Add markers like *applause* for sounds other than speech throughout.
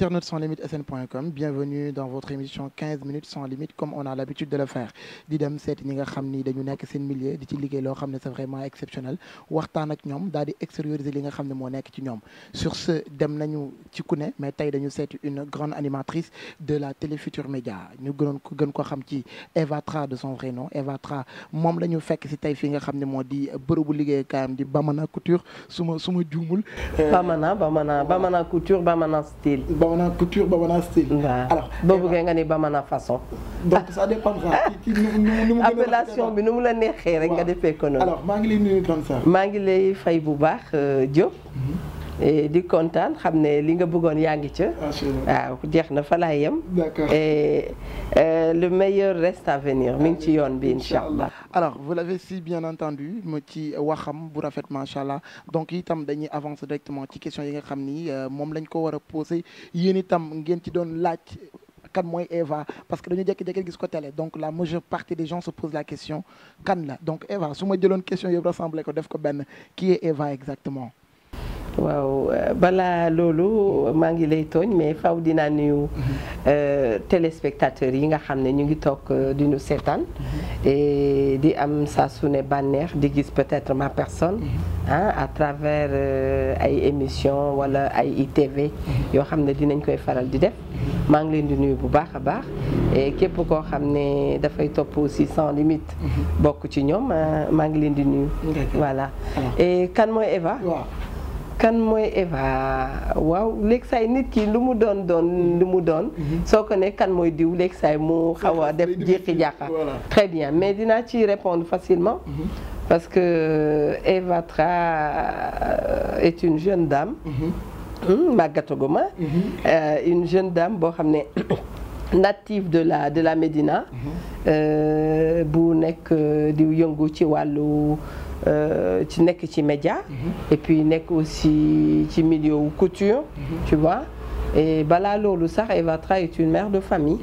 internet sans limite sn point comme on a l'habitude de le faire di dem seeti ñi nga xam ni dañu nekk seen milieu di ci liggéey loo xam ne c'est vraiment exceptionnel waxtaan ak ñoom daal di li nga xam ne moo nekk ci ñoom sur ce dem nañu ci ku ne mais tey dañu seeti une grande animatrice de la télé Futur Média ñu gënoon ko gën ko xam ci Eva Tra de son vrai nom Eva Tra moom la ñu fekk si tey fii nga xam ne moo di bërëbu liggéeyukaayam di Bamana Couture su ma su ma juumul Bamana Bamana Bamana Couture Bamana Style Bamana couture Bamana style. waaw bëggee eh, nga ni Bamana façon. donc ça dépendra ci ci nu mu appellation bi nu mu la neexee rek nga defee ko noonu. maa ngi lay nuyu Tonsa. maa ngi lay fay bu baax euh, Diop. Mm-hmm. Eh, di kontaan xam ne li nga bëggoon yaa ngi ca. waaw jeex na fa yem. Eh, eh, le meilleur reste à venir mi ngi ci yoon bi incha allah. alors vous l'avez si bien entendu mu ci waxam bu rafet macha allah donc itam dañuy avancer directement ci question yi nga xam ni euh, moom lañ ko war a poser yéen itam ngeen ci doon laaj. kan mooy Eva parce que dañu jékki-jékki gis ko télé donc la majeure partie des gens se posent la question kan la donc Eva su ma jëloon question yëpp rassemblé ko def ko benn qui est exactement waaw balaa loolu maa ngi lay tooñ mais faw dinaa nuyu mhm. euh, téléspectateurs yi nga xam ne ñu ngi toog euh, di ñu seetaan e di am saa su ne bànneex di gis peut-être ma personne ah à travers euh, ay émissions wala ay ITV yoo xam ne dinañ koy faral di def maa ngi leen di nuyu bu baax a baax et képp koo xam ne dafay topp aussi sans limite bokk ci ñoom maa ngi leen di nuyu voilà et kan mooy Eva kan mooy Eva waaw léegi say nit ki lu mu doon doon li mu doon mhm. soo ko ne kan mooy diw léegi saay mu xaw a def jéqi jàqa très bien mais dinaa ci répondre facilement mhm. parce que euh, Eva Tra euh, est une jeune dame mhm. hmm, màggataguma euh, une jeune dame boo xam ne *coughs* native de la de la Médina bu nekk di yëngu ci wàllu Euh, ci nekk ci média mhm. et puis nekk aussi ci million wu couture mhm. tu vois et balaa loolu sax Eva Tra une mère de famille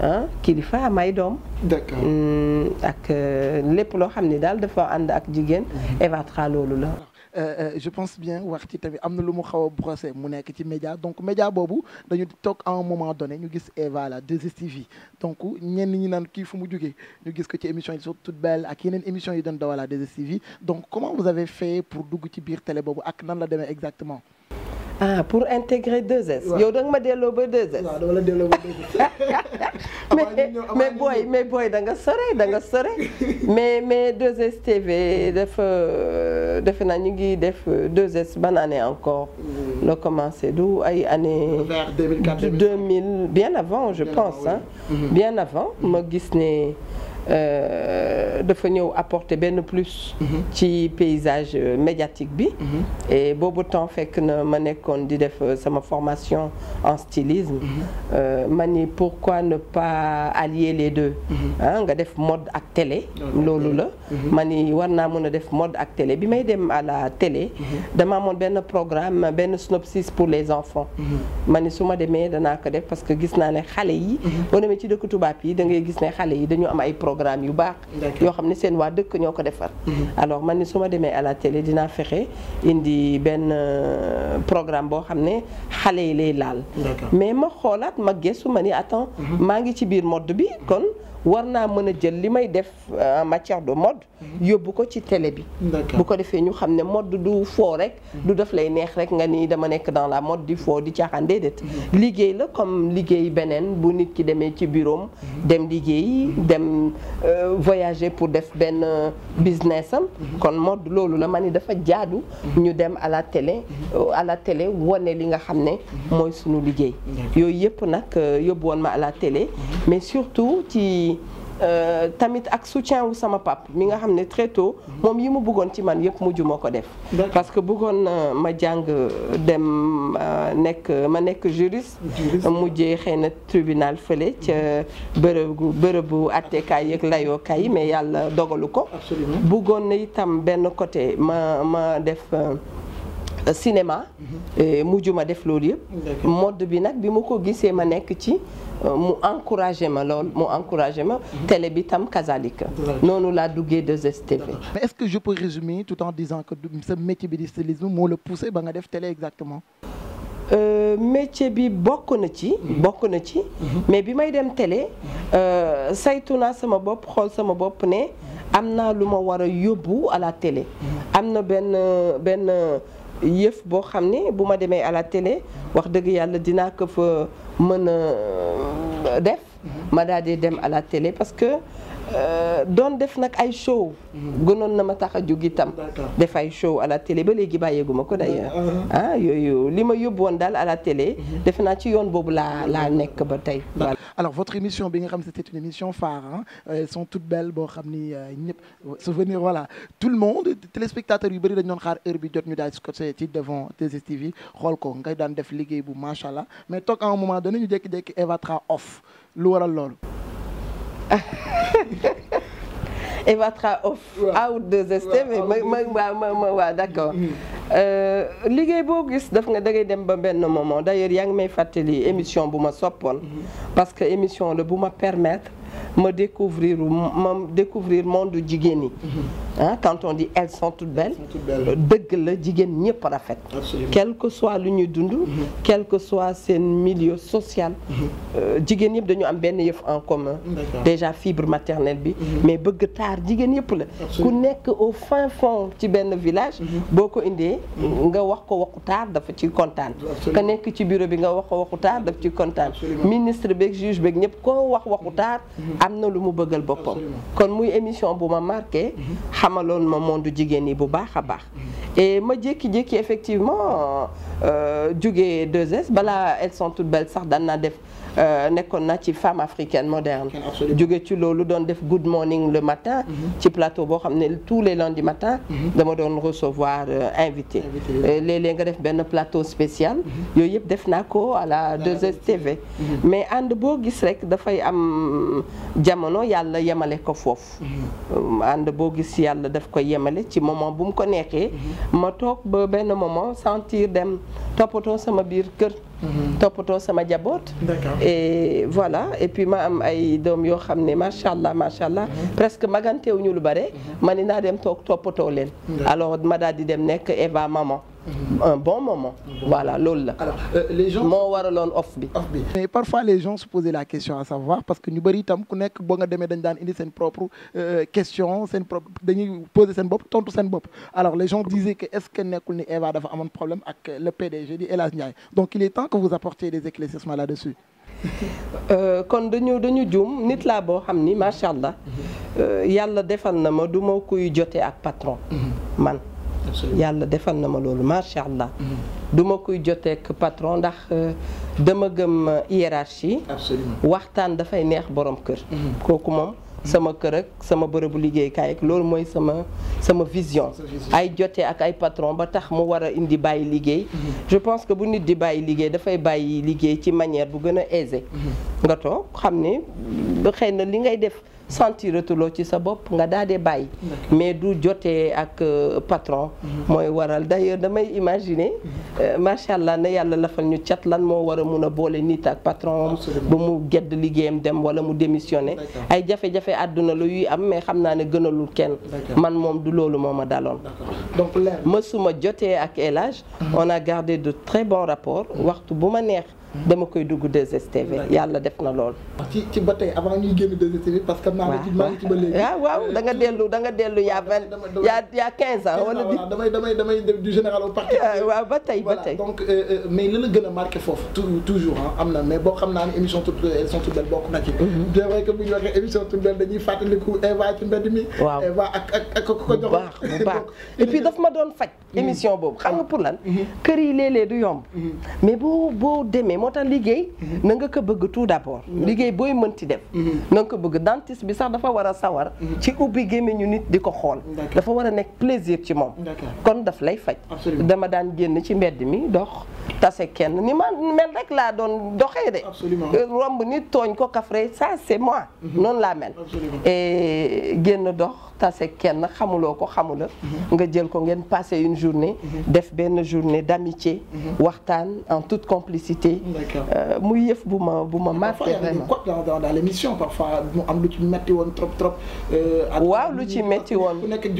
ah kilifa am ay doom d'accord mm, ak euh, lépp loo xam ne daal dafa ànd ak jigéen Eva loolu la Euh, euh, je pense bien wax ci tamit am na lu mu xaw a brossé mu nekk ci média donc média boobu dañu toog à un moment donné ñu gis Eva la 2STV donc ñenn ñi naan kii fu mu jugee ñu gis ko ci émission yi surtout Toute Belle ak yeneen émission yi doon dawal la 2STV donc comment vous avez fait pour dugg ci biir télé boobu ak nan la demee exactement ah pour intégrer 2S. yow da ma delloo ba 2S. waaw dama la delloo ba *laughs* mais booy mais booy da nga sore da nga sore *laughs* mais mais 2S def dafa euh, defe naa ñu ngi def deux s ban année encore. Mm. la commencé du ay année. vers 2004 2000 bien avant je pense ah. bien avant ma gis ne. Euh, dafa ñëw apporter benn plus. Mhm. ci paysage euh, médiatique bi. e boobu temps fekk na ma nekkoon di def euh, sama formation en stylisme. Mhm. ma ni pourquoi ne pas allier les deux. ah nga def mode ak télé. loolu la ma ni war naa mën a def mode ak télé bi may dem à la télé. dama amoon benn programme benn synopsis pour les enfants. ma ni su ma demee danaa ko def parce que gis naa ne xale yi. boo demee ci dëkk tubaab yi da ngay gis ne xale yi dañu am ay programme programme yu baax yoo xam ne seen waa dëkk ñoo ko defar mhm. alors man ni su ma demee à la télé dinaa fexe indi benn euh, programme boo xam ne xale yi lay laal mais ma xoolaat ma gëstu ma ni attends mhm. maa ngi ci biir mode bi kon war naa mën a jël li may def euh, en matière de mode yóbbu ko ci télé bi bu ko defee ñu xam ne mode du foo rek mm-hmm. du def lay neex rek nga ni dama nekk dans la mode di foo di caaxaan déedéet mm-hmm. liggéey la comme liggéey beneen bu nit ki demee ci bureau mm-hmm. dem liggéey dem euh, voyager pour def benn euh, business am kon mode loolu la ma ni dafa jaadu ñu dem à la télé euh, à télé wane li nga xam ne mooy sunu liggéey yooyu yëpp nag yóbbu woon ma à télé mais surtout ci Euh, tamit ak soutien wu sama pap mi nga xam ne très tôt moom yi mu bëggoon ci man yëpp mujj ma ko def parce que bëggoon na ma jàng dem euh, nekk ma nekk juriste mujjee xëy na tribunal fale ca bërëbu bërëbu attekaay yeeg layookaay mais yàlla dogalu ko bëggoon na itam benn côté ma ma def euh, cinéma. Mhm. Euh, mujj ma def loolu yëpp. mode bi nag bi ma ko gisee ma nekk ci euh, mu encouragé ma lool mu encouragé ma. Mhm. télé bi tam kazalika. noonu laa duggee 2STV. mais est-ce que je peux résumer tout en disant que sa métier bi di stylisme moo la poussé ba nga def télé exactement. Euh, métier bi bokk na ci mhm. bokk na ci mais bi may dem télé saytu naa sama bopp xool sama bopp ne am naa lu ma war a yóbbu à la télé am na benn benn yëf boo xam ne bu ma demee à la wax dëgg yàlla dinaa ko fa mën a euh, def mm-hmm. ma daal dem à la parce que Euh, doon def nag ay show. gënoon na ma tax a jóg itam. def ay show à la télé ba léegi bàyyeeguma ko d'ailleurs. ah, ah, ah. ah yooyu li ma yóbbu woon daal à la télé. Mhm. def naa ci yoon boobu laa laa nekk ba tey. alors votre émission bi nga xam c'était une émission phare hein euh, elles sont toutes belles boo xam ni euh, ñëpp souvenir voilà tout le monde téléspectateurs yu bari dañu doon xaar heure bi jot ñu daal scotché ci devant 2STV xool ko nga daan def liggéey bu macha allah mais toog à un moment donné ñu jékki-jékki Eva lu waral loolu. Eva mm-hmm. euh, liggéey boo gis daf nga dangay dem ba benn moment d' ailleurs yaa ngi may fàttali émission bu ma soppoon. Mm-hmm. parce que émission la bu ma permettre. ma découvrir ma découvrir monde jigéen ñi. Mm-hmm. ah quand on dit elles sont toutes belles. dëgg la jigéen ñëpp rafet. quel que soit lu ñuy dund. Mm-hmm. quel que soit seen milieu social. Mm-hmm. Euh, jigéen ñëpp dañu am benn yëf en commun. déjà fibre maternelle bi. mais bëgg taar jigéen yëpp la. ku nekk au fin fond ci benn village. boo ko indee nga wax ko waxu taar dafa ci kontaan. ka nekk ci bureau bi nga wax ko waxu taar dafa ci kontaan. ministre beeg juge beeg ñëpp koo wax waxu taar. am na lu mu bëggal boppam kon muy émission bu ma marqué mhm. xamaloon ma monde jigéen yi bu baax a baax mhm. et ma jékki-jékki effectivement euh, jóge deux s balaa elles sont toutes belles sax daan naa def euh, nekkoon na ci femme africaine moderne jóge ci loolu doon def good morning le matin mhm. ci plateau boo xam ne tous les lundis matin dama doon recevoir euh, invité léeg nga def benn plateau spécial yooyu yëpp def naa ko à la 2S TV mais ànd boo gis rek dafay am jamono yàlla yemale ko foofu mm-hmm. ànd boo gis yàlla daf ko yemale ci moment bu mu ko neexee mm-hmm. ma toog ba benn moment sentir dem toppatoo sama biir kër mm-hmm. toppatoo sama jaboot e voilà et puis ma am ay doom yoo xam ne macha allah macha allah presque maganteewuñu lu bare ma ni naa dem toog toppatoo leen alors ma daal di dem nekk Eva maman un bon moment. voilà lool la. alors euh, les gens moo waraloon off bi. off bi mais parfois les gens se la question à savoir parce que ñu bëri itam ku nekk boo nga demee dañ daan indi seen propre euh, question seen propre dañuy poser seen bopp tontu seen bopp. alors les gens disaient que est-ce que nekkul ni Eva dafa amoon problème ak le PDG di El donc il est temps que vous apportiez des éclaircissements là-dessus. Euh, kon dañu dañu juum nit laa boo xam ni macha allah mm-hmm. yàlla defal na ma du ma kuy jote ak patron mm-hmm. man. yàlla defal na ma loolu macha allah. du ma koy joteeg patron ndax euh, dama gëm euh, hiérarchie. waxtaan dafay neex borom kër. Mhm. kooku moom sama kër ak sama bërëbu liggéeykaay ak loolu mooy sama sama vision. ay jote ak ay patron ba tax mu war a indi bàyyi liggéey. Mhm. je pense que bu nit di bàyyi liggéey dafay bàyyi liggéey ci manière bu gën a aisée. Mhm. nga toog xam ne xëy na li ngay def. sentiratuloo ci sa bopp nga daal di bàyyi mais du jotee ak euh, patron mhm. mooy waral d'ailleurs damay imaginer mhm. euh, macha allah na yàlla lafal ñu cat lan moo war a mun a boole nit ak patron ba mu gedd liggéeyam dem wala mu démissionné ay jafe-jafe àdduna la yuy am mais xam naa ne gënalul kenn man moom du loolu moo ma daloon donc mësuma jotee ak El Hadj mhm. on a gardé de très bon rapport waxtu bu ma neex dama koy dugg 2STV yàlla def na lool. Ah, ci ba tey avant ñuy génn 2STV parce que. maa ci maa ngi ci a vingt y' a quinze ans. damay damay du général au parti. Ah, waaw ba tey ba tey euh, euh, mais li la gën a marqué foofu. toujours am na mais boo xam naa ne émission toutes elles bokk na ci. Mhm. c' est bu ñu waxee émission toutes belles dañuy fàttaliku Eva ci mbedd mi. waaw Eva ak ak ak ko ko jox. bu baax bu *laughs* ma doon faj. Mhm. émission boobu xam nga pour lan. Mhm. kër yi léeg du yomb. mais boo boo demee moo tax liggéey mhm. na nga ko bëgg tout d'abord mhm. liggéey booy mënti dem mhm. na nga ko bëgg dentiste bi sax dafa war a sawar ci ubbi gémmiñu nit di ko xool dafa war a nekk plaisir ci moom kon daf lay faj dama daan génn ci mbedd mi dox tase kenn ni ma mel rek laa doon doxee de. Euh, romb nit tooñ ko kafre ça c'est moi. Mhm. noonu laa mel. génn dox tase kenn xamuloo ko xamula mhm. nga jël ko ngeen passer une journée. Mhm. def benn journée d'amitié. waxtaan en toute complicité. Euh, muy yëf bu ma bu ma marqué vraiment. mu am lu ci metti woon trop trop. Euh, waaw lu ci metti woon ku nekk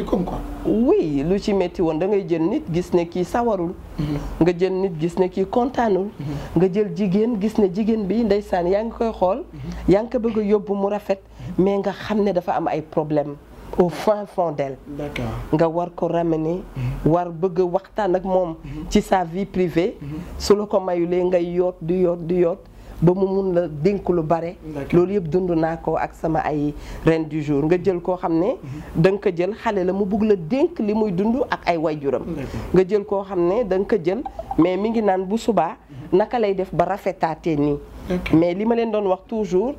lu ci metti woon da ngay jël nit gis ne kii sawarul. Mm-hmm. nga jël nit gis ne kii kontaanul. Mm-hmm. nga jël jigéen gis ne jigéen bi saan yaa ngi koy xool. Mm-hmm. yaa ngi ko bëgg yóbbu mu rafet. mais nga xam ne dafa am ay problème au fin fond d'elle. nga war ko ramener. war bëgg waxtaan ak moom. ci sa vie privée. su la ko mayulee ngay yoot di yoot di yoot. ba mu mun la dénk lu bare loolu yëpp dund naa ko ak sama ay ren du jour nga jël koo xam ne mhm. da nga ko jël xale la mu bugg la dénk li muy dund ak ay way wayjuram nga jël koo xam ne danga nga ko jël mais mi ngi naan bu subaa mhm. naka lay def ba rafetaatee nii mais li ma leen doon wax toujours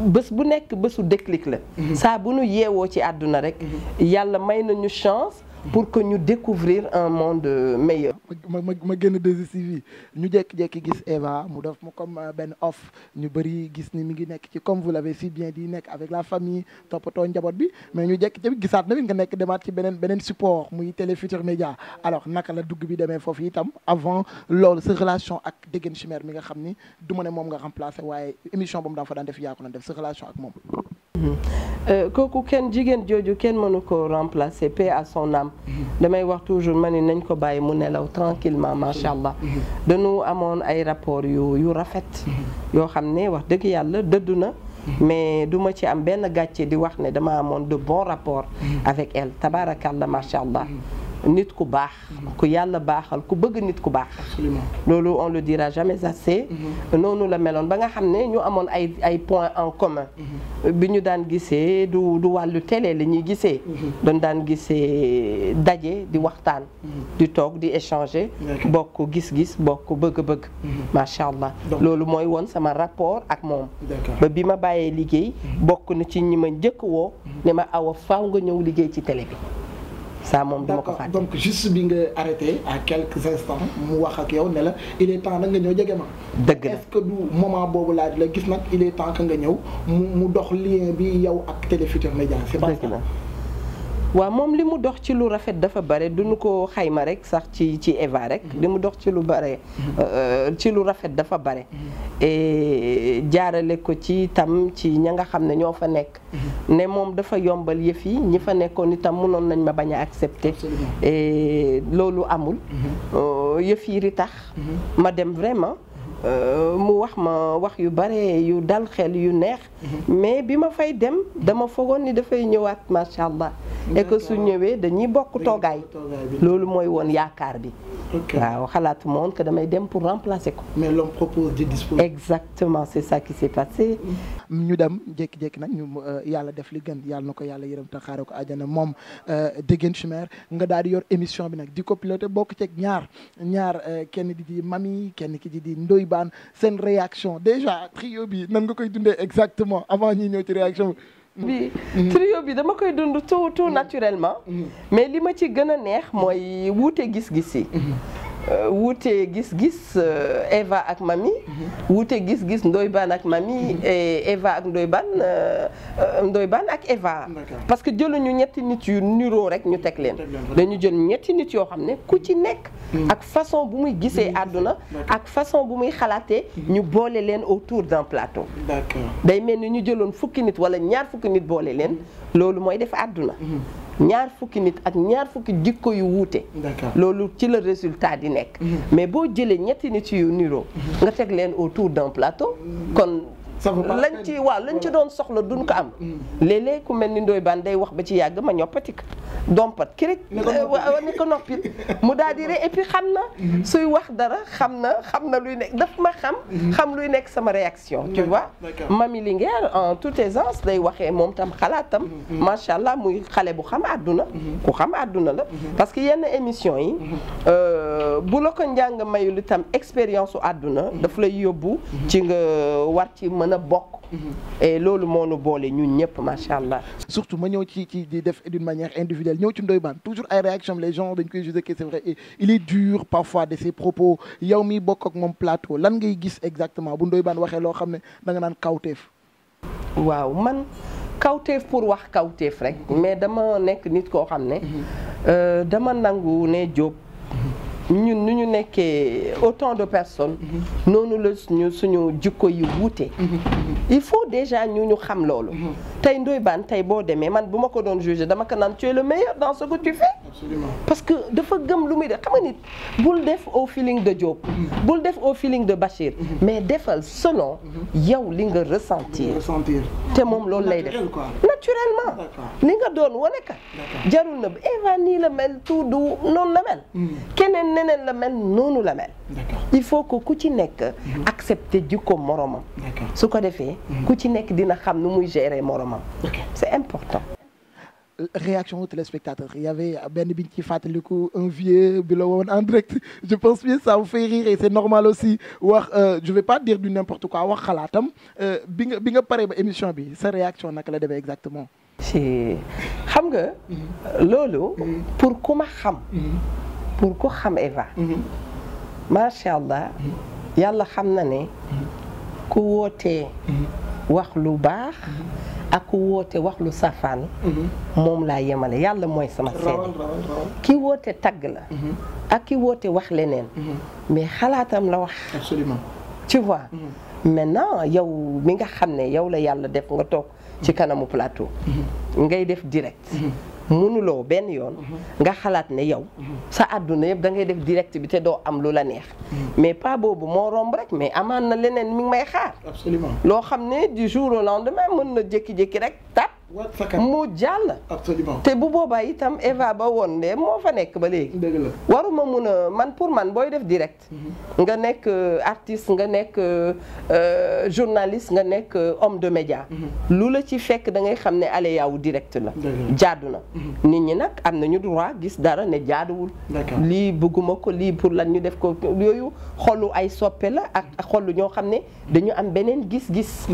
bés bu nekk bésu déclic la mhm. saa bu nu yeewoo ci àdduna rek yàlla may nañu chance pour que ñu découvrir un monde euh, meilleur. ma ma ma gën a 2 ñu jékki-jékki gis Eva mu def ma comme euh, benn off ñu bëri gis ni mu ngi nekk ci comme vous l'avez si bien dit nekk avec la famille toppatoo njaboot bi mais ñu jékki-jékki gisaat na nga nekk demat ci beneen beneen support muy Télé Futurs Médias alors naka la dugg bi demee foofu itam avant loolu sa relation ak Déguène Chimère mi nga xam ni du ma ne moom nga remplacé waaye émission ba mu daan fa daan def yaa ko def sa relation ak moom. Euh, kooku kenn jigéen jooju kenn nu ko remplacer paix à son âme damay wax toujours ma ni nañ ko bàyyi mu nelaw tranquillement macha allah danu amoon ay rapport yu yu rafet yoo xam ne wax dëgg yàlla dëddu na mais duma ci am benn gàcce di wax ne dama amoon de bons rapport avec elle tabarakallah macha allah nit ku baax ku yàlla baaxal ku bëgg nit ku baax loolu on le dira jamais assez mhm. noonu la meloon ba nga xam ne ñu amoon ay ay points en commun mhm. bi ñu daan gisee du du wàllu télé la ñuy gisee mhm. doon daan gisee daje di waxtaan di toog di échanger bokk gis-gis bokk bëgg-bëgg macha allah loolu mooy woon sama rapport ak moom ba bi ma bàyyee liggéey bokk na ci ñi ma njëkk woo ne ma awa faaw nga ñëw liggéey ci télé bi ça moom dama ko fàtte donc juste bi nga arrêté à quelques instants mu wax ak yow ne la il est temps nag nga ñëw jege ma. dëgg la est que du moment boobu laaj la gis nag il est temps que nga ñëw mu mu dox lien bi yow ak Télé Futurs Médias c'est pas ça waaw moom li mu dox ci lu rafet dafa bare du nu ko xayma rek sax ci ci Eva rek mm-hmm. li mu dox ci lu bare mm-hmm. euh, euh, ci lu rafet dafa bare mm-hmm. et jaarale ko ci itam ci ña nga xam ne ñoo fa nekk ne moom dafa yombal yëf yi ñi fa nekkoon itam mënoon nañ ma bañ a accepter et loolu amul euh, yëf yi ri tax ma dem vraiment Euh, mu wax ma wax yu bare yu dal xel yu neex. Mhm. mais bi ma fay dem dama foogoon ni dafay ñëwaat macha allah. et que su ñëwee dañuy bokk toogaay. loolu mooy woon yaakaar bi. waaw xalaatu ma woon que damay dem pour remplacer ko. mais l'homme propose di dispose. exactement c'est ça qui s'est passé. Mm. ñu dem jékki-jékki nag ñu euh, yàlla def li gën yàlla na ko yàlla yërëm te xaare ko àjjana moom euh, Déguène Chimère nga daal di yor émission bi nag di ko piloté bokk ceeg ñaar ñaar kenn di di mami kenn ki di di ndoy Colibane seen réaction déjà trio bi nan nga koy dundee exactement avant ñuy ñëw ci réaction bi. bi mhm. trio bi dama koy dund tout tout mhm. naturellement. Mhm. mais li ma ci gën a neex mooy wuute gis-gis yi. Euh, wute gis-gis euh, Eva ak Mami. Mhm. wuute gis-gis Ndoye baan ak Mami. Mhm. et Eva ak Ndoye Bane euh, Ndoye Bane ak Eva. parce que jëluñu ñetti nit yu niroo rek ñu teg leen. dañu jël ñetti nit yoo xam ne ku ci nekk. Mhm. ak façon bu muy gisee àdduna. ak façon bu muy xalaatee. ñu boole leen autour d'un plateau. day mel ni ñu jëloon fukki nit wala ñaar fukki nit boole leen. loolu mooy def àdduna. ñaar fukki nit ak ñaar fukki jikko yu wuute loolu ci la résultat di nekk mhm. mais boo jëlee ñetti nit yu niroo mhm. nga teg leen autour d'un plateau kon lañ ci waaw lañ ci doon soxla duñ ko am mm. léeg-léeg ku mel ni ndoy baan day wax ba ci yàgg ma ñoppatik dompat kirik ni ko noppit euh, mu daal di ree xam na mm-hmm. suy wax dara xam na xam na luy nekk daf ma xam mm-hmm. xam luy nekk sama réaction tu vois Mamy Linguère en toute aisance day waxee moom tam xalaatam mm-hmm. macha allah muy xale bu xam adduna ku xam adduna la parce que yenn émission yi euh, bu la ko njàng mayul tam expérience u àdduna daf lay yóbbu ci nga war ci mën mën a bokk. et loolu moo nu boolee ñun ñëpp macha allah. surtout ma ñëw ci ci di def d'une manière individuelle ñëw ci Ndoye Bane toujours ay réaction les gens dañ koy jugé que c'est vrai il est dur parfois de ses propos yow miy bokk ak moom plateau lan ngay gis exactement bu Ndoye baan waxee loo xam ne da nga naan kawteef. waaw man kawteef pour wax kawteef rek mais dama nekk nit koo xam ne. Mhm. Euh, dama nangu ne Diop. ñun nu ñu nekkee autant de personnes mm-hmm. noonu la suñu suñu jikko yi wuute mm-hmm. il faut déjà ñu ñu xam loolu mm-hmm. tey Ndoye Bane tey boo demee man bu ma ko doon juger dama ko naan tu le meilleur dans ce que tu parce que dafa gëm lu muy def xam nit bul def au feeling de Diop mm-hmm. bul def au feeling de Bachir mm-hmm. mais defal selon mm-hmm. yow li nga ressentir te moom loolu lay def naturellement ni nga doon wane ka jarul na Eva eh, nii la mel tudd noonu la mel mm. keneen neneen la mel noonu la mel il faut que ku ci nekk accepter jikko moromam su ko defee ku ci nekk dina xam nu muy gérer moromam c'est important réaction au téléspectateur il y avait benn biñ ci un vieux bi la woon en direct je pense bien ça vous fait c'est normal aussi wax euh, je vais pas dire du n'importe quoi wax xalaatam euh, bi nga bi nga pare ba émission bi sa réaction naka la demee exactement si xam nga loolu pour ku ma xam pour ku xam Eva macha allah yàlla xam na ne ku wootee wax lu baax ak woote wax lu safaan mhm. moom laa yemale yàlla mooy sama seede ki woote tagg la mhm. ak woote wax leneen mhm. mais xalaatam la wax absolument tu vois maintenant yow mi nga xam ne yow la yàlla def nga toog ci kanamu plateau ngay def direct mënuloo benn yoon nga xalaat ne yow sa àdduna yëpp da ngay def directivité doo am lu la neex mais pas boobu moo romb rek mais amaan na leneen mi ngi may xaar loo xam ne du jour au lendemain mën na jékki-jékki rek tàpp mu jàll te bu boobaa itam Eva ba woon de moo fa nekk ba léegi waruma mun a man pour man booy def direct mhm. nga nekk euh, artiste nga nekk euh, euh, journaliste nga nekk homme de média mhm. lu la ci fekk da ngay xam ne ale yaawu direct la jaadu na mhm. nit ñi nag am na ñu droit gis dara ne jaaduwul lii bëgguma ko lii pour lan ñu def ko yooyu xolu ay soppe la ak xolu ñoo xam ne dañu am beneen gis-gis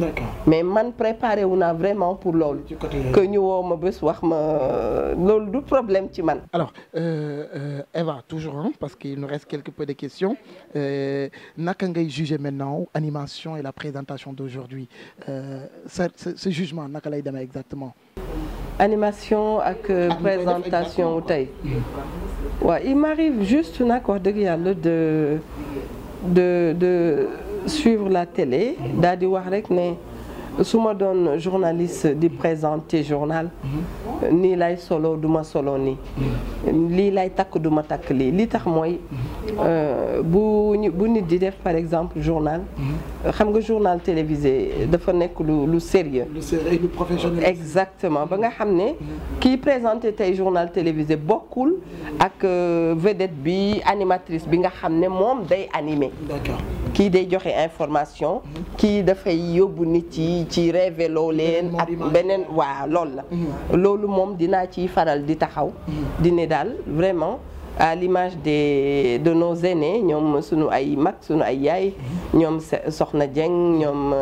mais man préparé wu naa vraiment pour loolu que ñu woo ma bés wax ma loolu du problème ci man. alors euh, euh Eva toujours hein, parce qu'il nous reste quelque peu de questions euh, naka ngay juger maintenant animation et la présentation d'aujourd'hui ce euh, ce jugement naka lay demee exactement. animation ak ah, présentation tey waaw mm. il m'arrive juste nag wax dëgg yàlla de de de suivre la télé daal di wax rek ne. su ma doon journaliste di présenter journal nii lay solo duma solo nii mm-hmm. lii lay takk duma takk lii li tax mooy mm-hmm. Euh, bu bu nit di def par exemple journal. Mhm. xam nga journal télévisé dafa nekk lu lu sérieux lu professionnel. exactement ba nga mhm. xam ne. Mhm. kii présenté tey journal télévisé bokkul ak euh, vedette bi animatrice bi nga xam ne moom day animé. d'accord kii day joxe information. kii dafay yóbbu nit yi ci révélo leen. ak beneen waaw loolu la. loolu moom dinaa ciy faral di taxaw. di ne daal vraiment. à de des de nos aînés ñoom sunu ay mag sunu ay yaay ñoom Soxna Dieng ñoom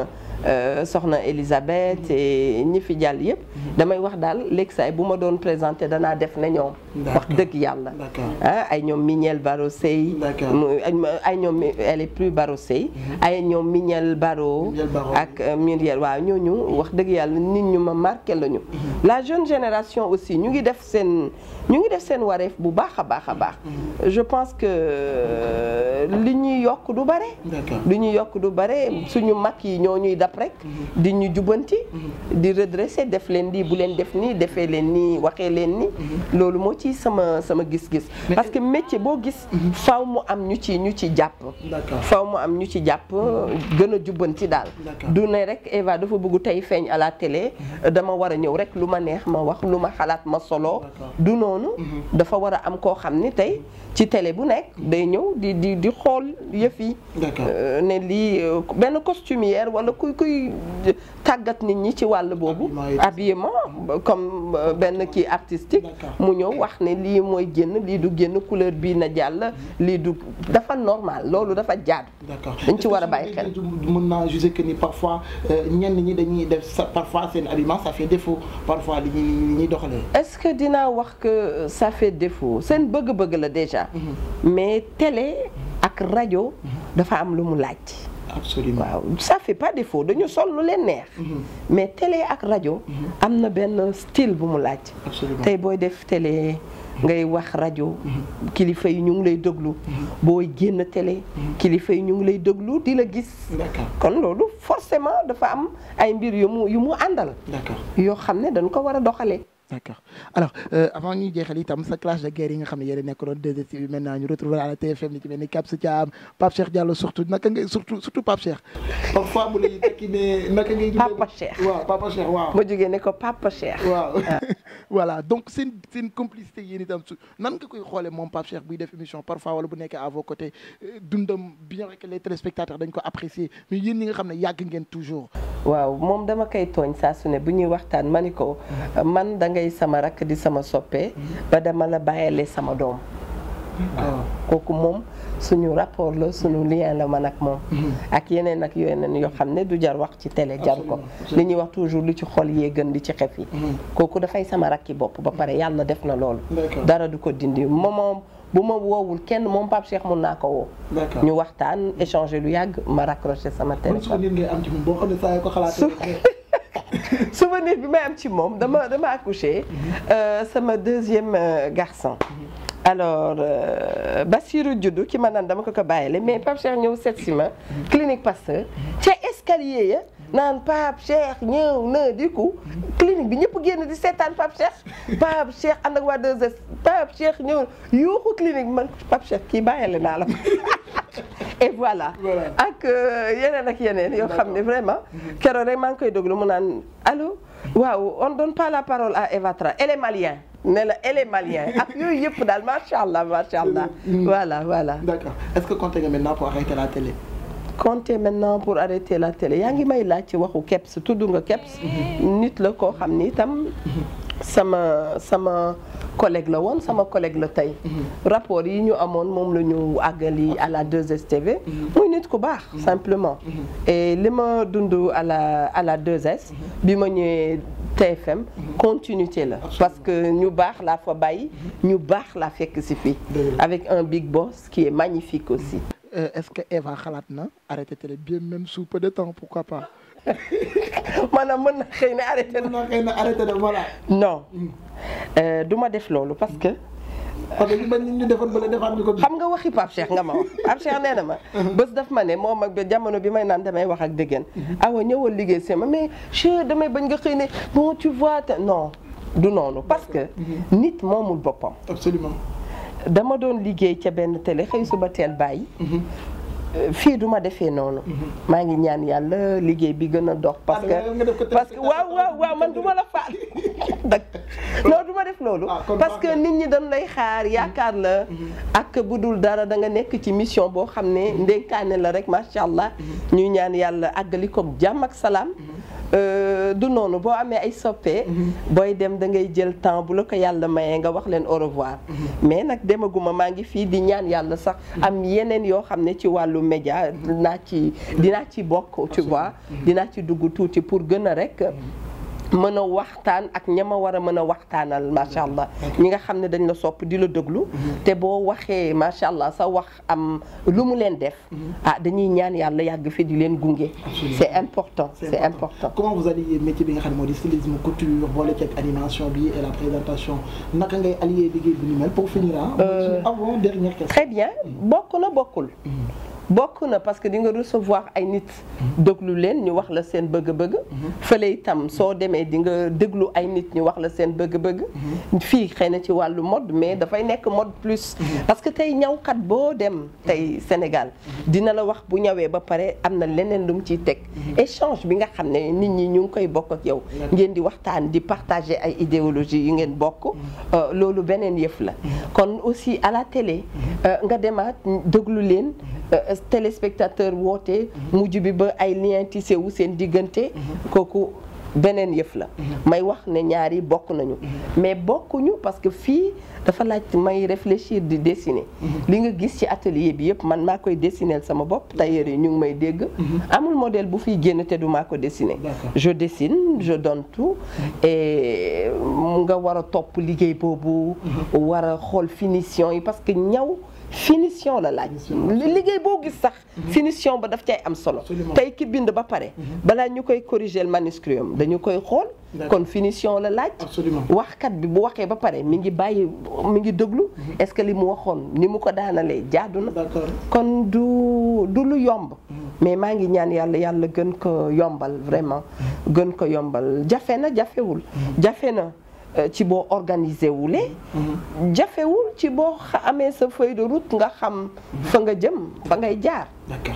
euh, Soxna Elisabeth et ñi fi jàll yëpp damay wax daal léegi saay bu ma doon présenter danaa def ne ñoom wax dëgg yàlla ah ay ñoom Mignel Barro Sèye ay ñoom elle est plus Barro Sèye mhm. ay ñoom Mignel Barro ak euh, Mignel waaw ñooñu wax dëgg yàlla nit ñu ma marqué lañu mhm. la jeune génération aussi ñu ngi def seen ñu seen wareef bu baax a baax a baax mhm. je pense que euh, li ñuy yokk du bare li ñuy yokk du bare suñu mag yi ñoo ñuy dap rek di ñu jubanti di redresser def leen di bu leen def nii defee leen nii waxee leen nii loolu moo ci sama sama gis-gis parce que métier boo gis mhm. faw mu am ñu ci ñu ci jàpp faw mu am ñu ci jàpp gën a jubbanti daal du ne rek Eva dafa bëgg tey feeñ à la télé mhm. dama war a ñëw rek lu ma neex ma wax lu ma xalaat ma solo du noonu mhm. dafa war a am koo xam ni tey ci télé bu nekk day ñëw di di di xool yëf yi euh, ne lii euh, benn costumière walla kuy kuy tàggat nit ñi ci wàll boobu habillement comme euh, benn ki artistique mu ñëw wax wax ne lii mooy génn lii du génn couleur bii na jàll lii du dafa normal loolu dafa jaadu. d'accord dañ ci war a bàyyi xel. mën naa juger que ni parfois euh, ñenn ñi dañuy def parfois seen habillement ça fait défaut parfois li ñuy doxalee. est-ce que dinaa wax que ça fait seen bëgg-bëgg la déjà. Mhm. mais télé ak rajo mhm. dafa am lu mu laaj. absolument waaw ça fait pas défaut dañu sol lu leen neex. Mhm. mais télé ak rajo. Mhm. am na benn style bu mu laaj. tey booy def télé. ngay wax rajo mhm. kilifa yi ñu ngi lay déglu booy génn télé kilifa yi ñu ngi lay déglu di la gis kon loolu forcément dafa am ay mbir yu mu yu mu àndal yoo xam ne dañ ko war a doxalee d' accord alors euh, avant ñuy jeexal itam sa classe de guerre yi nga xam ne yéen a nekkaloon 2STV maintenant ñu retrouver à la TFM li ci mel ni Cap Thiam Pape Cheikh Diallo surtout naka ngay surtout surtout Pape Cheikh. parfois mu lay tekki ne naka ngay. Papa Cheikh waaw Papa Cheikh waaw. boo jógee ne ko Papa voilà donc seen seen complicité yéen itam su nan nga koy xoolee moom Pape Cheikh buy def émission parfois wala bu nekkee à vos côtés euh, dundam bien que les téléspectateurs dañ ko apprécier mais yéen ñi nga xam ne yàgg ngeen toujours. waaw moom dama koy tooñ saa su ne bu ñuy waxtaan ma ni ko man da ngay sama rakk di sama soppe ba dama la bàyyalee sama doom. Ah. kooku moom. suñu rapport la suñu lien la man ak moom. Mm-hmm. ak yeneen ak yeneen yoo xam ne du jar wax ci télé jar ko. li ñuy wax toujours lu ci xool yee gën li ci xef yi. Mm-hmm. kooku dafay sama rakki bopp ba pare yàlla def na loolu. dara du ko dindi moom bu ma woowul kenn moom Pape Cheikh mun naa ko woo. ñu waxtaan échanger lu yàgg ma raccroché sama téléphone. ngay am ci moom boo xam ne saa yoo *laughs* bi may am ci moom dama dama accouché. Mm-hmm. Euh, sama deuxième euh, garçon. alors euh, Bassirou juddu ki ma naan dama ko ko bàyyile mais Pape Cheikh ñëw seet si ma clinique Pasteur ca escalier ya naan Pape Cheikh ñëw na di clinique bi ñëpp génn di seetaan Pape Cheikh Pape Cheikh ànd ak waa yuuxu clinique man Pape Cheikh kii bàyyile naa la *laughs* et voilà ak euh, yeneen ak yeneen yoo mhm. maa ngi koy déglu mu naan allo waaw on donne pas la parole à Evatra elle est ne la elle est malienne ak yooyu yëpp daal macha allah macha allah. Mm. voilà voilà. d'accord est-ce que comptez maintenant pour arrêter la télé. comptez maintenant pour arrêter la télé yaa ngi may laaj ci waxu keps tudd nga keps. Mm-hmm. nit la koo xam ni itam. Mm-hmm. sama sama. collègue la woon sama collègue la tey mhm. rapport yi ñu amoon moom la ñu àggali à la 2STV mhm. muy nit ku baax mhm. simplement e li ma dund à la à la 2S bi ma ñëwee TFM continuité la parce que ñu baax laa fa bàyyi ñu baax laa fekk si fii avec un big boss qui est magnifique e est-ce que Eva xalaat na arrêter télé bien même sous peu de temps pourquoi pas *laughs* maanaam mën na xëy na arrêté na mën na xëy na arrêté na voilà. non mm. euh, du ma def loolu parce que. parce que ñu mel ni ñu defoon bële defaat ñu ko. nga waxi Pape *laughs* nee na ma. Uh-huh. bés daf ma ne moom ak ba jamono bi may naan damay wax ak dëggeen. Uh-huh. awa ñëwal liggéey sama mais je damay bañ nga xëy ne bon tu vois te du noonu parce que. Uh-huh. nit moomul boppam. absolument dama doon liggéey ca benn télé xëy suba teel bàyyi. Euh, fii duma ma defee noonu. Mhm. maa ngi ñaan yàlla liggéey bi gën a dox. parce que parce que waaw waaw waaw man du ma la faat *laughs* *laughs* dëgg non def loolu. Ah, parce nit ñi dañ lay xaar mhm. yaakaar la. Mhm. ak bu dul dara da nga nekk ci mission boo xam ne ndénkaane la rek macha allah. ñuy ñaan yàlla àggali ko jàmm ak salaam. Euh, du noonu boo amee ay soppee mhm. booy dem da ngay jël temps bu la ko yàlla mayee nga wax leen au revoir mhm. mais nag demaguma maa ngi fii di ñaan yàlla sax mhm. am yeneen yoo xam ne ci wàllu média dinaa ci dinaa ci bokk tu dinaa ci dugg tuuti pour gën a rek mën a waxtaan ak ñama war a mën a waxtaanal macha allah ñi nga xam ne dañ la sopp di la déglu te boo waxee macha allah sa wax am lu mu leen def mhm. ah dañuy ñaan yàlla yàgg fi di leen gunge c'est important c'est important comment vous alliez métier bi nga xam ne moo di stylisme couture boole ci animation bi et la présentation naka ngay allier liggéey bi ni mel pour finir ah? euh, avant dernière question très bien bokk na bokkul mhm. bokk na parce que dinga nga recevoir ay nit déglu leen ñu wax la seen bëgg-bëgg fële itam soo demee di nga déglu ay nit ñu wax la seen bëgg-bëgg fii xëy na ci wàllu mode mais dafay nekk mode plus parce que tey ñawkat boo dem tey Sénégal dina la wax bu ñawee ba pare am na leneen lu ci ciy teg échange bi nga xam ne nit ñi ñu ngi koy bokk ak yow ngeen di waxtaan di partager ay idéologie yi ngeen bokk euh, loolu beneen yëf la kon aussi à la télé euh, nga demaat déglu leen Euh, téléspectateur woote. mujj bi ba ay lien tissé wu seen diggante. kooku beneen yëf la. may wax ne ñaari bokk nañu. mais bokkuñu parce que fii dafa laaj may réfléchir di dessiner. li nga gis ci atelier bi yëpp man maa koy dessiner sama bopp tailleur yi ñu ngi may dégg. amul modèle bu fiy génn te du maa ko dessiner. je dessine je donne tout. et nga war a topp liggéey boobu. Mhm. war a xool finition yi parce que ñaw. finition la laaj liggéey boo gis sax finition ba daf cay am solo tey ki bind ba pare mhm. balaa ñu koy corriger manuscrit am dañu koy xool kon finition la laaj waxkat bi bu waxee ba pare mi ngi bàyyi mi ngi déglu mhm. est-ce que li mu waxoon ni mu ko daanale jaadu na kon du du lu yomb mhm. mais maa ngi ñaan yàlla yàlla gën ko yombal vraiment gën ko yombal jafe na jafewul jafe na Euh, ci boo organisé wule mhm. jafewul ci boo amee sa feuille de route nga xam mhm. fa nga jëm fa ngay jaar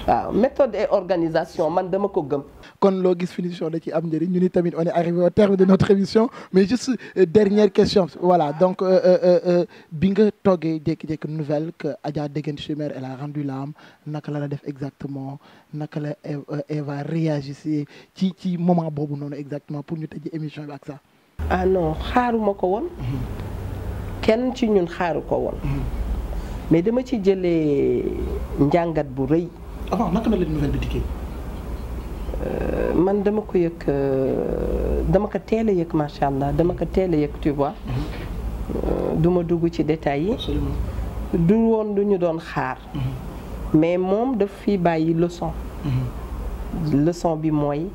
waaw méthode et organisation man dama ko gëm kon loo gis finition da ci am njëriñ ñu ni tamit on est arrivé au terme de notre émission mais juste euh, dernière question voilà donc euh, bi nga toogee jékki-jékki nouvelle que Adja Degen Chimère elle a rendu l'âme naka la la def exactement naka la Eva réagissé ci ci moment boobu noonu exactement pour ñu tëjee émission bi ak sax ah non xaaruma ko woon kenn ci ñun xaaru ko woon mais dama ci jëlee njàngat bu rëy avant euh, man dama ko yëg euh, dama ko teel a yëg macha allah dama ko teel a yëg tu vois euh, dugg ci détails yi du woon lu ñu doon xaar mhm. mais moom daf fi bàyyi leçon mhm. leçon bi mooy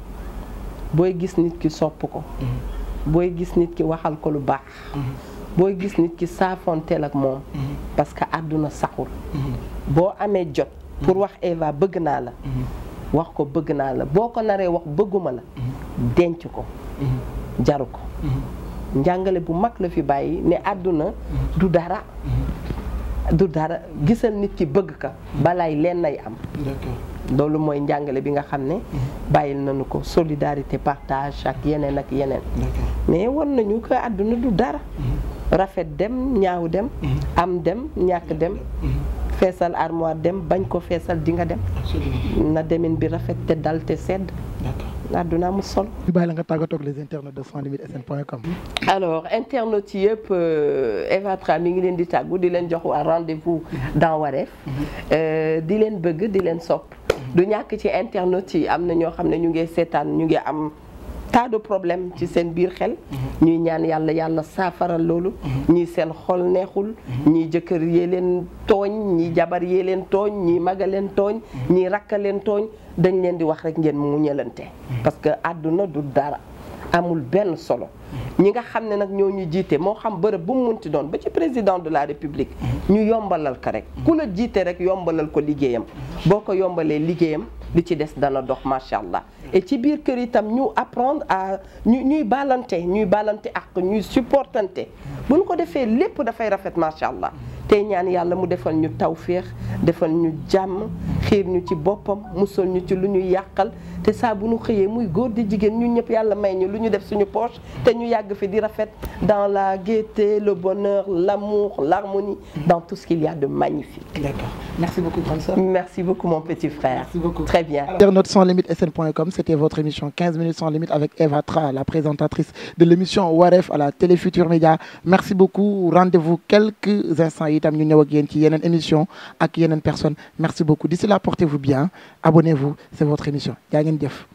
booy gis nit ki sopp ko mhm. booy gis nit ki waxal ko lu baax mm-hmm. booy gis nit ki saafonteel ak moom mm-hmm. parce que àdduna saxul mm-hmm. boo amee jot pour wax Eva bëgg naa la wax ko bëgg naa la boo ko naree wax bëgguma la denc ko jaru ko njàngale bu mag la fi bàyyi ne àdduna du dara du dara gisal nit ki bëgg ka balaay leen nay am loolu mooy njàngale bi nga xam ne bàyyil nañu ko solidarité partage ak yeneen ak yeneen mais wan nañu ko àdduna du dara mm-hmm. rafet dem ñaaw dem mm-hmm. am dem ñàkk dem mm-hmm. feesal armoire dem bañ ko feesal di nga dem na demin bi rafet te dal te sedd àdduna amul solo. di bàyyi la nga tàggatoo ak les internautes de sans limites sn point com. alors yi yëpp euh, Eva Tra mi ngi leen di tàggu di leen jox waa rendez-vous dans Wareef. Euh, di leen bëgg di leen sopp. du ñàkk ci internet yi am na ñoo xam ne ñu ngi seetaan ñu ngi am tas problème ci seen biir xel ñuy ñaan yàlla yàlla saafaral loolu ñii seen xol neexul ñii jëkkër yee leen tooñ ñii jabar yee leen tooñ ñii maga leen tooñ ñii rakka leen tooñ dañ leen di wax rek ngeen mu muñalante parce que àdduna du dara amul benn solo ñi nga xam ne nag ñoo ñu jiite moo xam bërëb bu mu munti doon ba ci président de la république ñu yombalal ko rek ku la jiite rek yombalal ko liggéeyam boo ko yombalee liggéeyam li ci des dana dox macha allah ci biir kër itam ñu apprendre à ñu ñuy balante ñuy balante ak ñuy supportante bu ñu ko defee lépp dafay rafet macha allah tey ñaan yàlla mu defal ñu tawféex defal ñu jàmm xiir ñu ci boppam musal ñu ci lu ñu yàqal te sa bu ñu xëyee muy góor di jigéen ñu ñëpp yàlla may ñu lu ñu def suñu poche te ñu yàgg fi di rafet dans la gaieté le bonheur l'amour l'harmonie dans tout ce qu'il y a de magnifique. d'accord merci beaucoup grande sœur. merci beaucoup mon petit frère. merci beaucoup très bien. internaute sans limite sn.com c'était votre émission 15 minutes sans limite la présentatrice de la Télé itam ñu ñëw ak yéen ci yeneen émission ak yeneen personne merci beaucoup d'ici là portez-vous bien abonnez-vous c'est votre émission jaa ngeen jëf